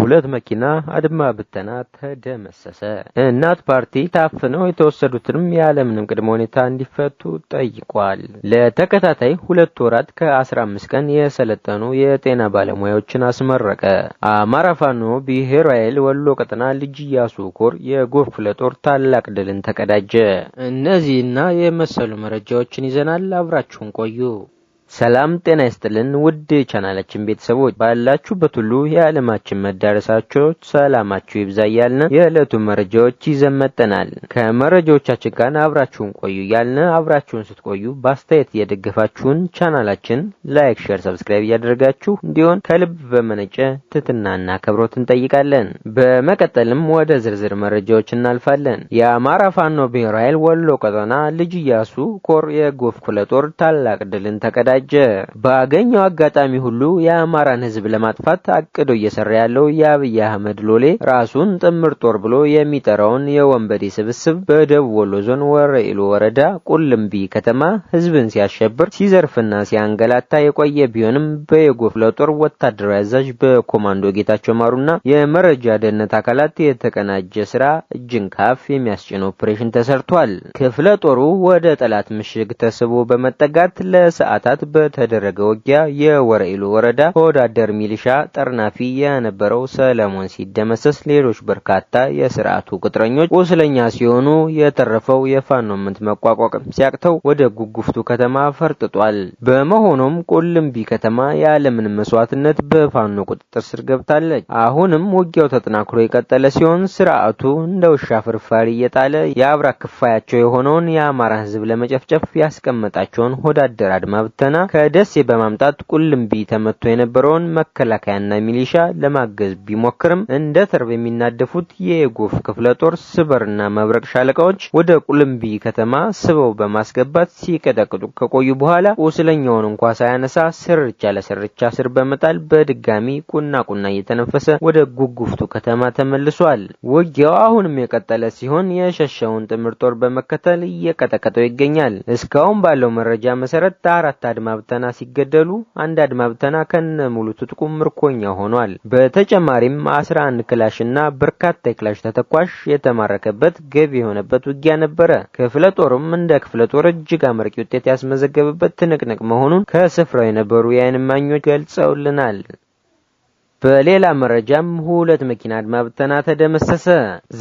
ሁለት መኪና አድማ ብተና ተደመሰሰ። እናት ፓርቲ ታፍነው የተወሰዱትንም ያለምንም ቅድመ ሁኔታ እንዲፈቱ ጠይቋል። ለተከታታይ ሁለት ወራት ከ15 ቀን የሰለጠኑ የጤና ባለሙያዎችን አስመረቀ። አማራ ፋኖ ብሔራዊ ኃይል ወሎ ቀጠና ልጅ ኢያሱ ኮር የጎፍ ለጦር ታላቅ ድልን ተቀዳጀ። እነዚህና የመሰሉ መረጃዎችን ይዘናል። አብራችሁን ቆዩ። ሰላም ጤና ይስጥልን ውድ ቻናላችን ቤተሰቦች ባላችሁበት ሁሉ የዓለማችን መዳረሳቸው ሰላማችሁ ይብዛ እያልን መረጃዎች ይዘን ከመረጃዎቻችን ጋር አብራችሁን ቆዩ እያልን አብራችሁን ስትቆዩ በአስተያየት እየደገፋችሁን ቻናላችን ላይክ፣ ሼር፣ ሰብስክራይብ እያደረጋችሁ እንዲሆን ከልብ በመነጨ ትህትናና አክብሮት እንጠይቃለን። በመቀጠልም ወደ ዝርዝር መረጃዎች እናልፋለን። የአማራ ፋኖ ብሔራዊ ኃይል ወሎ ቀጠና ልጅ እያሱ ኮር የጎፍ ኩለጦር ታላቅ ድልን ተቀዳጅ እየተደራጀ በአገኘው አጋጣሚ ሁሉ የአማራን ህዝብ ለማጥፋት አቅዶ እየሰራ ያለው የአብይ አህመድ ሎሌ ራሱን ጥምር ጦር ብሎ የሚጠራውን የወንበዴ ስብስብ በደቡብ ወሎ ዞን ወረኢሉ ወረዳ ቁልምቢ ከተማ ሕዝብን ሲያሸብር ሲዘርፍና ሲያንገላታ የቆየ ቢሆንም በየጎፍለ ጦር ወታደራዊ አዛዥ በኮማንዶ ጌታቸው ማሩና የመረጃ ደህንነት አካላት የተቀናጀ ስራ እጅን ካፍ የሚያስጭን ኦፕሬሽን ተሰርቷል። ክፍለ ጦሩ ወደ ጠላት ምሽግ ተስቦ በመጠጋት ለሰዓታት በተደረገ ውጊያ የወረኢሉ ወረዳ ከወዳደር ሚሊሻ ጠርናፊ የነበረው ሰለሞን ሲደመሰስ ሌሎች በርካታ የስርዓቱ ቅጥረኞች ቁስለኛ ሲሆኑ የተረፈው የፋኖ ምንት መቋቋም ሲያቅተው ወደ ጉጉፍቱ ከተማ ፈርጥጧል። በመሆኑም ቁልምቢ ከተማ ያለምንም መስዋዕትነት በፋኖ ቁጥጥር ስር ገብታለች። አሁንም ውጊያው ተጠናክሮ የቀጠለ ሲሆን ስርዓቱ እንደ ውሻ ፍርፋሪ እየጣለ የአብራ ክፋያቸው የሆነውን የአማራ ህዝብ ለመጨፍጨፍ ያስቀመጣቸውን ሆዳደር አድማ ብተና ጣና ከደሴ በማምጣት ቁልምቢ ተመቶ የነበረውን መከላከያና ሚሊሻ ለማገዝ ቢሞክርም እንደ ተርብ የሚናደፉት የኤጎፍ ክፍለ ጦር ስበርና መብረቅ ሻለቃዎች ወደ ቁልምቢ ከተማ ስበው በማስገባት ሲቀጠቅጡ ከቆዩ በኋላ ቁስለኛውን እንኳ ሳያነሳ ስርቻ ለስርቻ ስር በመጣል በድጋሚ ቁና ቁና እየተነፈሰ ወደ ጉጉፍቱ ከተማ ተመልሷል። ውጊያው አሁንም የቀጠለ ሲሆን የሸሸውን ጥምር ጦር በመከተል እየቀጠቀጠው ይገኛል። እስካሁን ባለው መረጃ መሰረት አራት አድማ አድማ ብተና ሲገደሉ አንድ አድማ ብተና ከነ ሙሉ ትጥቁ ምርኮኛ ሆኗል። በተጨማሪም 11 ክላሽና በርካታ የክላሽ ተተኳሽ የተማረከበት ገቢ የሆነበት ውጊያ ነበረ። ክፍለ ጦሩም እንደ ክፍለ ጦር እጅግ አመርቂ ውጤት ያስመዘገበበት ትንቅንቅ መሆኑን ከስፍራው የነበሩ የአይን እማኞች ገልጸውልናል። በሌላ መረጃም ሁለት መኪና አድማ ብተና ተደመሰሰ።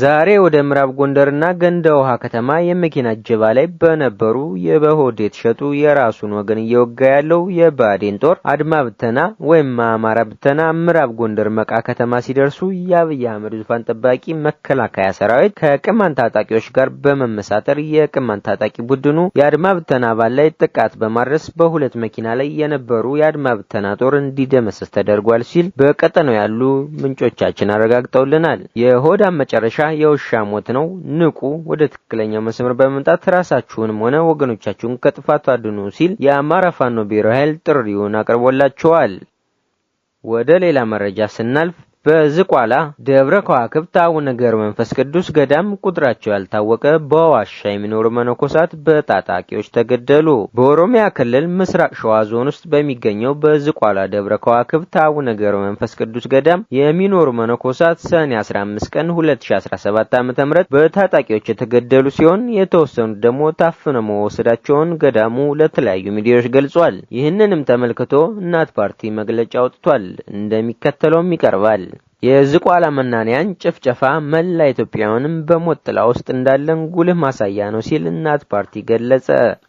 ዛሬ ወደ ምዕራብ ጎንደርና ገንደ ውሃ ከተማ የመኪና እጀባ ላይ በነበሩ የበሆድ የተሸጡ የራሱን ወገን እየወጋ ያለው የባዴን ጦር አድማ ብተና ወይም አማራ ብተና ምዕራብ ጎንደር መቃ ከተማ ሲደርሱ የአብይ አህመድ ዙፋን ጠባቂ መከላከያ ሰራዊት ከቅማን ታጣቂዎች ጋር በመመሳጠር የቅማን ታጣቂ ቡድኑ የአድማ ብተና አባል ላይ ጥቃት በማድረስ በሁለት መኪና ላይ የነበሩ የአድማ ብተና ጦር እንዲደመሰስ ተደርጓል ሲል በቀ በቀጠናው ያሉ ምንጮቻችን አረጋግጠውልናል። የሆዳም መጨረሻ የውሻ ሞት ነው። ንቁ፣ ወደ ትክክለኛው መስመር በመምጣት ራሳችሁንም ሆነ ወገኖቻችሁን ከጥፋቱ አድኑ ሲል የአማራ ፋኖ ብሔራዊ ኃይል ጥሪውን አቅርቦላቸዋል። ወደ ሌላ መረጃ ስናልፍ በዝቋላ ደብረ ከዋክብት አቡነ ገብረ መንፈስ ቅዱስ ገዳም ቁጥራቸው ያልታወቀ በዋሻ የሚኖሩ መነኮሳት በታጣቂዎች ተገደሉ። በኦሮሚያ ክልል ምስራቅ ሸዋ ዞን ውስጥ በሚገኘው በዝቋላ ደብረ ከዋክብት አቡነ ገብረ መንፈስ ቅዱስ ገዳም የሚኖሩ መነኮሳት ሰኔ 15 ቀን 2017 ዓ.ም በታጣቂዎች የተገደሉ ሲሆን የተወሰኑት ደግሞ ታፍነ መወሰዳቸውን ገዳሙ ለተለያዩ ሚዲያዎች ገልጿል። ይህንንም ተመልክቶ እናት ፓርቲ መግለጫ አውጥቷል። እንደሚከተለውም ይቀርባል። የዝቋላ መናንያን ጭፍጨፋ መላ ኢትዮጵያውያንን በሞት ጥላ ውስጥ እንዳለን ጉልህ ማሳያ ነው ሲል እናት ፓርቲ ገለጸ።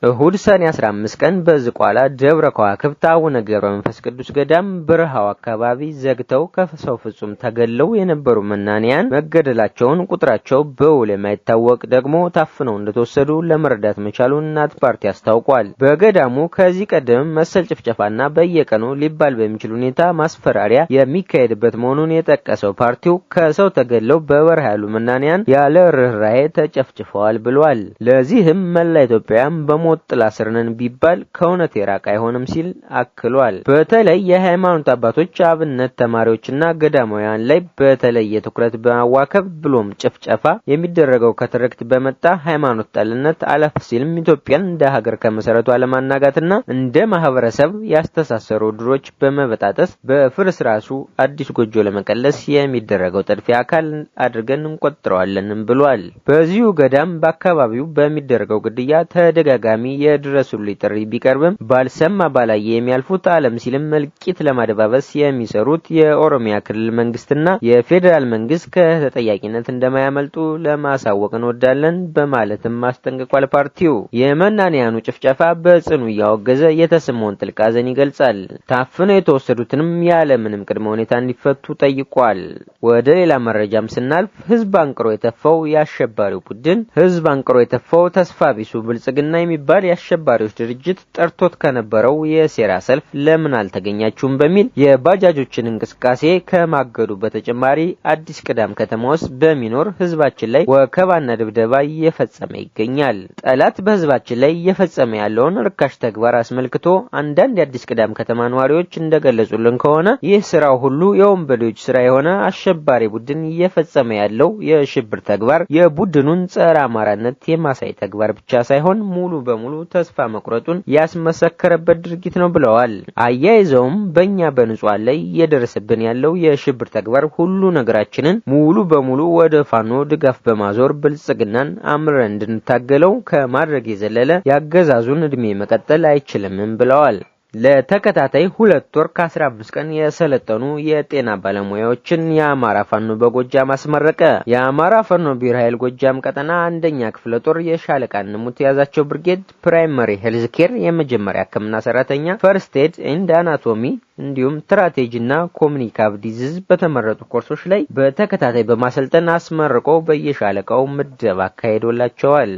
እሁድ ሰኔ 15 ቀን በዝቋላ ደብረ ከዋክብት አቡነ ገብረ መንፈስ ቅዱስ ገዳም በረሃው አካባቢ ዘግተው ከሰው ፍጹም ተገለው የነበሩ መናንያን መገደላቸውን ቁጥራቸው በውል የማይታወቅ ደግሞ ታፍነው እንደተወሰዱ ለመረዳት መቻሉ እናት ፓርቲ አስታውቋል። በገዳሙ ከዚህ ቀደም መሰል ጭፍጨፋና በየቀኑ ሊባል በሚችል ሁኔታ ማስፈራሪያ የሚካሄድበት መሆኑን የጠ የጠቀሰው ፓርቲው ከሰው ተገድለው በበረሃ ያሉ መናንያን ያለ ርኅራኄ ተጨፍጭፈዋል ብሏል። ለዚህም መላ ኢትዮጵያውያን በሞት ጥላ ስር ነን ቢባል ከእውነት የራቀ አይሆንም ሲል አክሏል። በተለይ የሃይማኖት አባቶች፣ አብነት ተማሪዎችና ገዳማውያን ላይ በተለየ ትኩረት በማዋከብ ብሎም ጭፍጨፋ የሚደረገው ከትርክት በመጣ ሃይማኖት ጠልነት አለፍ ሲልም ኢትዮጵያን እንደ ሀገር ከመሰረቱ አለማናጋትና እንደ ማህበረሰብ ያስተሳሰሩ ድሮች በመበጣጠስ በፍርስራሱ አዲስ ጎጆ ለመቀለስ ድረስ የሚደረገው ጥድፊያ አካል አድርገን እንቆጥረዋለንም ብሏል። በዚሁ ገዳም በአካባቢው በሚደረገው ግድያ ተደጋጋሚ የድረሱልኝ ጥሪ ቢቀርብም ባልሰማ ባላየ የሚያልፉት አለም ሲልም እልቂት ለማደባበስ የሚሰሩት የኦሮሚያ ክልል መንግስትና የፌዴራል መንግስት ከተጠያቂነት እንደማያመልጡ ለማሳወቅ እንወዳለን በማለትም አስጠንቅቋል። ፓርቲው የመናንያኑ ጭፍጨፋ በጽኑ እያወገዘ የተሰማውን ጥልቅ ሐዘን ይገልጻል። ታፍነው የተወሰዱትንም ያለምንም ቅድመ ሁኔታ እንዲፈቱ ጠይቋል። ተለቋል። ወደ ሌላ መረጃም ስናልፍ ህዝብ አንቅሮ የተፋው የአሸባሪው ቡድን ህዝብ አንቅሮ የተፋው ተስፋ ቢሱ ብልጽግና የሚባል የአሸባሪዎች ድርጅት ጠርቶት ከነበረው የሴራ ሰልፍ ለምን አልተገኛችሁም በሚል የባጃጆችን እንቅስቃሴ ከማገዱ በተጨማሪ አዲስ ቅዳም ከተማ ውስጥ በሚኖር ህዝባችን ላይ ወከባና ድብደባ እየፈጸመ ይገኛል። ጠላት በህዝባችን ላይ እየፈጸመ ያለውን ርካሽ ተግባር አስመልክቶ አንዳንድ የአዲስ ቅዳም ከተማ ነዋሪዎች እንደገለጹልን ከሆነ ይህ ስራው ሁሉ የወንበዴዎች ስራ የሆነ አሸባሪ ቡድን እየፈጸመ ያለው የሽብር ተግባር የቡድኑን ጸረ አማራነት የማሳይ ተግባር ብቻ ሳይሆን ሙሉ በሙሉ ተስፋ መቁረጡን ያስመሰከረበት ድርጊት ነው ብለዋል። አያይዘውም በእኛ በንጹሃን ላይ እየደረሰብን ያለው የሽብር ተግባር ሁሉ ነገራችንን ሙሉ በሙሉ ወደ ፋኖ ድጋፍ በማዞር ብልጽግናን አምረን እንድንታገለው ከማድረግ የዘለለ ያገዛዙን እድሜ መቀጠል አይችልምም ብለዋል። ለተከታታይ ሁለት ወር ከ15 ቀን የሰለጠኑ የጤና ባለሙያዎችን የአማራ ፋኖ በጎጃም አስመረቀ። የአማራ ፋኖ ብሔር ኃይል ጎጃም ቀጠና አንደኛ ክፍለ ጦር የሻለቃ ንሙት የያዛቸው ብርጌድ ፕራይመሪ ሄልዝ ኬር የመጀመሪያ ሕክምና ሰራተኛ ፈርስት ኤድ ኤንድ አናቶሚ እንዲሁም ትራቴጂና ኮሚኒካብ ዲዚዝ በተመረጡ ኮርሶች ላይ በተከታታይ በማሰልጠን አስመርቆ በየሻለቃው ምደባ አካሂዶላቸዋል።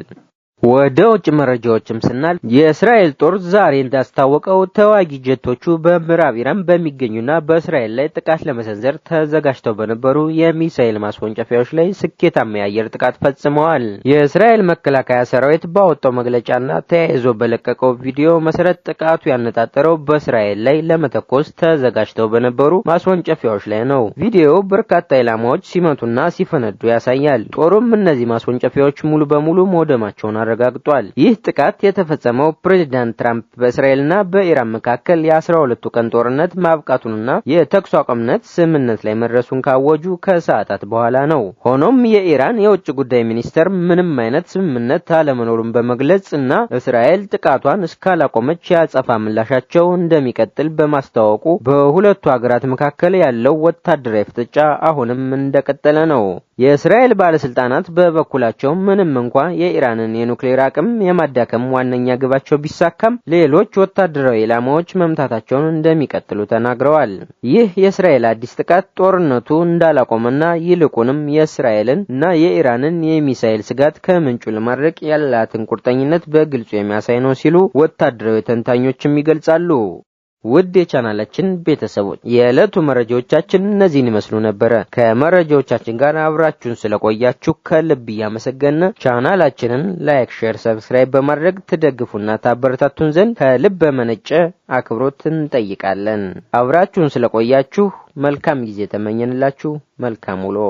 ወደ ውጭ መረጃዎችም ስናል የእስራኤል ጦር ዛሬ እንዳስታወቀው ተዋጊ ጀቶቹ በምዕራብ ኢራን በሚገኙና በእስራኤል ላይ ጥቃት ለመሰንዘር ተዘጋጅተው በነበሩ የሚሳኤል ማስወንጨፊያዎች ላይ ስኬታማ የአየር ጥቃት ፈጽመዋል። የእስራኤል መከላከያ ሰራዊት ባወጣው መግለጫና ተያይዞ በለቀቀው ቪዲዮ መሰረት ጥቃቱ ያነጣጠረው በእስራኤል ላይ ለመተኮስ ተዘጋጅተው በነበሩ ማስወንጨፊያዎች ላይ ነው። ቪዲዮው በርካታ ኢላማዎች ሲመቱና ሲፈነዱ ያሳያል። ጦሩም እነዚህ ማስወንጨፊያዎች ሙሉ በሙሉ መውደማቸውን አረጋግጧል። ይህ ጥቃት የተፈጸመው ፕሬዚዳንት ትራምፕ በእስራኤልና በኢራን መካከል የአስራ ሁለቱ ቀን ጦርነት ማብቃቱንና የተኩስ አቁምነት ስምምነት ላይ መድረሱን ካወጁ ከሰዓታት በኋላ ነው። ሆኖም የኢራን የውጭ ጉዳይ ሚኒስተር ምንም አይነት ስምምነት አለመኖሩን በመግለጽ እና እስራኤል ጥቃቷን እስካላቆመች ያጸፋ ምላሻቸው እንደሚቀጥል በማስታወቁ በሁለቱ ሀገራት መካከል ያለው ወታደራዊ ፍጥጫ አሁንም እንደቀጠለ ነው። የእስራኤል ባለስልጣናት በበኩላቸው ምንም እንኳ የኢራንን የኑ የኒውክሌር አቅም የማዳከም ዋነኛ ግባቸው ቢሳካም ሌሎች ወታደራዊ ኢላማዎች መምታታቸውን እንደሚቀጥሉ ተናግረዋል። ይህ የእስራኤል አዲስ ጥቃት ጦርነቱ እንዳላቆመና ይልቁንም የእስራኤልን እና የኢራንን የሚሳኤል ስጋት ከምንጩ ለማድረቅ ያላትን ቁርጠኝነት በግልጹ የሚያሳይ ነው ሲሉ ወታደራዊ ተንታኞችም ይገልጻሉ። ውድ የቻናላችን ቤተሰቦች የዕለቱ መረጃዎቻችን እነዚህን ይመስሉ ነበረ። ከመረጃዎቻችን ጋር አብራችሁን ስለቆያችሁ ከልብ እያመሰገነ ቻናላችንን ላይክ፣ ሼር፣ ሰብስክራይብ በማድረግ ትደግፉና ታበረታቱን ዘንድ ከልብ በመነጨ አክብሮት እንጠይቃለን። አብራችሁን ስለቆያችሁ መልካም ጊዜ ተመኘንላችሁ። መልካም ውሎ